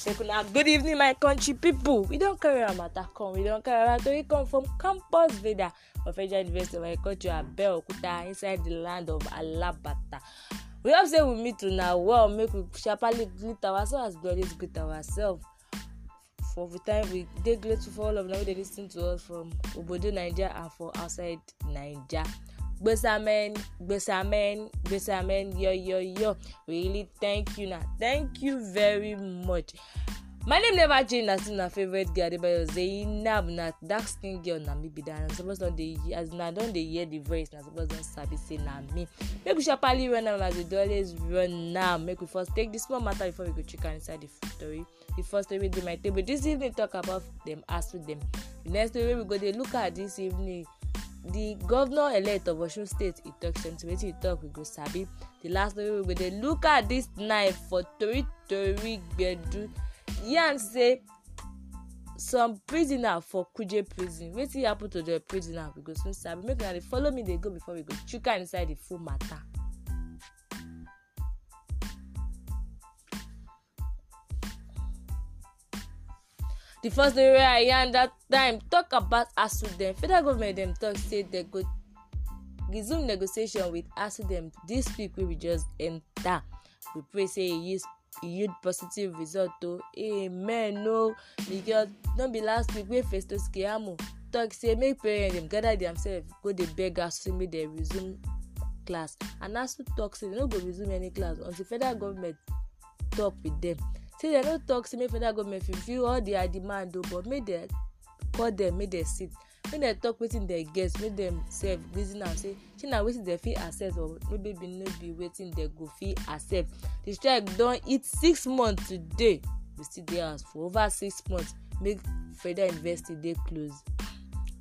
secular good evening my country people we don't carry our matter come we don carry our we come from campus veda of federal university of agriculture abeokuta inside the land of alabata we hope say we meet una well make we sharply greet ourselves as we always greet ourselves for the time we dey grateful for all of now, wey dey to us from obodo naija and for outside naija Gbesamen, Gbesamen, Gbesamen, yo, yo, yo. Really, thank you na, Thank you very much. My name never change na still na favourite girl Adebayo Zainab na dark skin girl na me be that na suppose don dey as una don dey hear the voice na suppose don sabi say na me make we sharparly run am as we dey always run now. make we first take this small matter before we go check am inside the story the first story wey dey my table this evening talk about dem ask with dem the next story wey we go dey look at this evening di governor elect of osun state e tok something wetin e tok we go sabi di last story we go dey look at dis knife for tori tori gbedu yarn say some prisoner for kuje prison wetin happen to the prisoner we go soon sabi make una dey follow me dey go before we go chuka inside the full matter. the first day area i yarn that time talk about asu dem federal government dem talk say dem go resume negotiation with asu dem this week wey we just enter we pray say e use e yield positive result o amen no, because no be last week wey festus keyamo talk say make parents dem gather themselves go dey beg asu make dem resume class and asu talk say dem no go resume any class until federal government talk with dem say dem no talk say make federal government fulfil all their demand o oh, but make dem call dem make dem sit make dem talk wetin dem get make dem sef reason am say shey na wetin dem fit accept or maybe be no be wetin dem go fit accept the strike don hit six months today we still dey house for over six months make federal university dey closed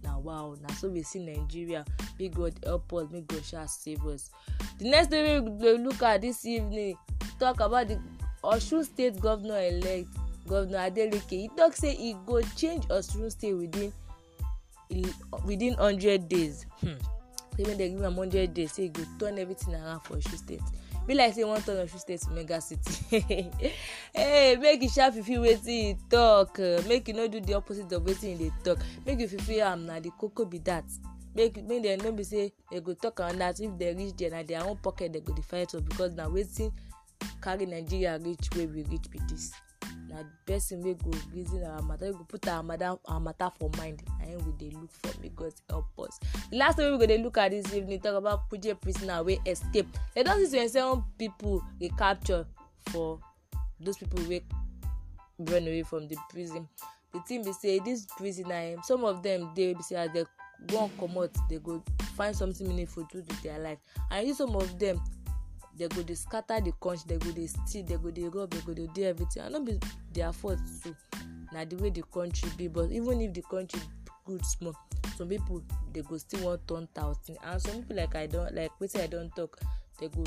na wow na so we see nigeria may god help us may god sha save us the next thing wey we go look at this evening talk about the osun state governor-elect governor adeleke He talk say e go change osun state within within hundred days hmm. say make dem give am hundred days say e go turn everything around for osun state be like say one wan turn osun state to mega city hey make e sha fulfil wetin e talk make you no do the opposite of wetin e dey talk make e fulfil am na the koko be that make make dem no be say dem go talk on that if dem reach there na their own pocket dem go dey fight for because na wetin carry nigeria reach where we reach be this na the person wey go reason our matter wey go put our matter our matter for mind na him we dey look for may god help us the last thing wey we go dey look at this evening talk about kuje prisoner wey escape they don see twenty-seven people dey capture for those people wey run away from the prison the thing be say this prisoner um, some of them dey be say as dem wan comot they go find something meaningful to do their life and you see some of them dem go dey scatter the country dem go dey steal dem go dey rob dem go dey do everything and no be their fault too na the way the country be but even if the country good small some people dey go still wan turn thousand and some people like i don like wetin i don talk dey go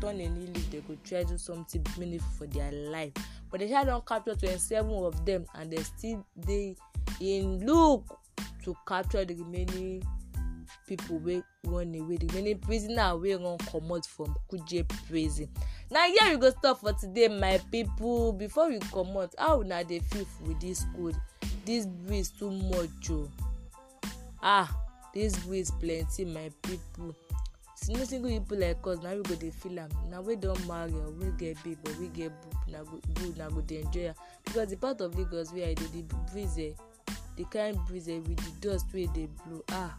turn a new leaf dey go try do something meaningful for their life but they sha don capture twenty-seven of them and they still dey in look to capture the remaining pipo wey run away di remaining prisoner wey run comot from kuje prison na here we go stop for today my pipo before we comot how una dey feel with dis cold dis breeze too much o oh. ah dis breeze plenty my pipo no single pipo like us na we go dey feel am na we don marry or we get babe or we get boo na go dey enjoy am because the part of lagos wey i dey the breeze eh the kind breeze eh with the dust wey dey blow ah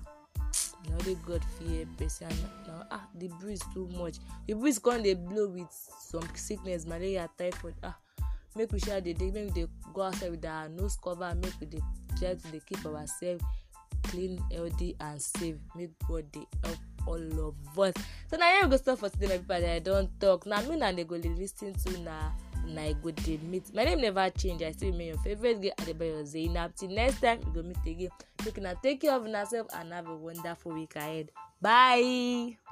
say god fear person now ah the breeze too much the breeze come dey blow with some sickness malaria typhoid ah make we sha dey dey make we dey go outside with our nose cover make we dey try to dey keep ourselves clean healthy and safe make god dey help all of us so na here we go stop for today my people i don talk na me na dey go dey lis ten to na na i go dey meet my name never change i still remain your favourite girl adebayo zainab till next time we go meet again make una take care of una sef and have a wonderful week ahead bye.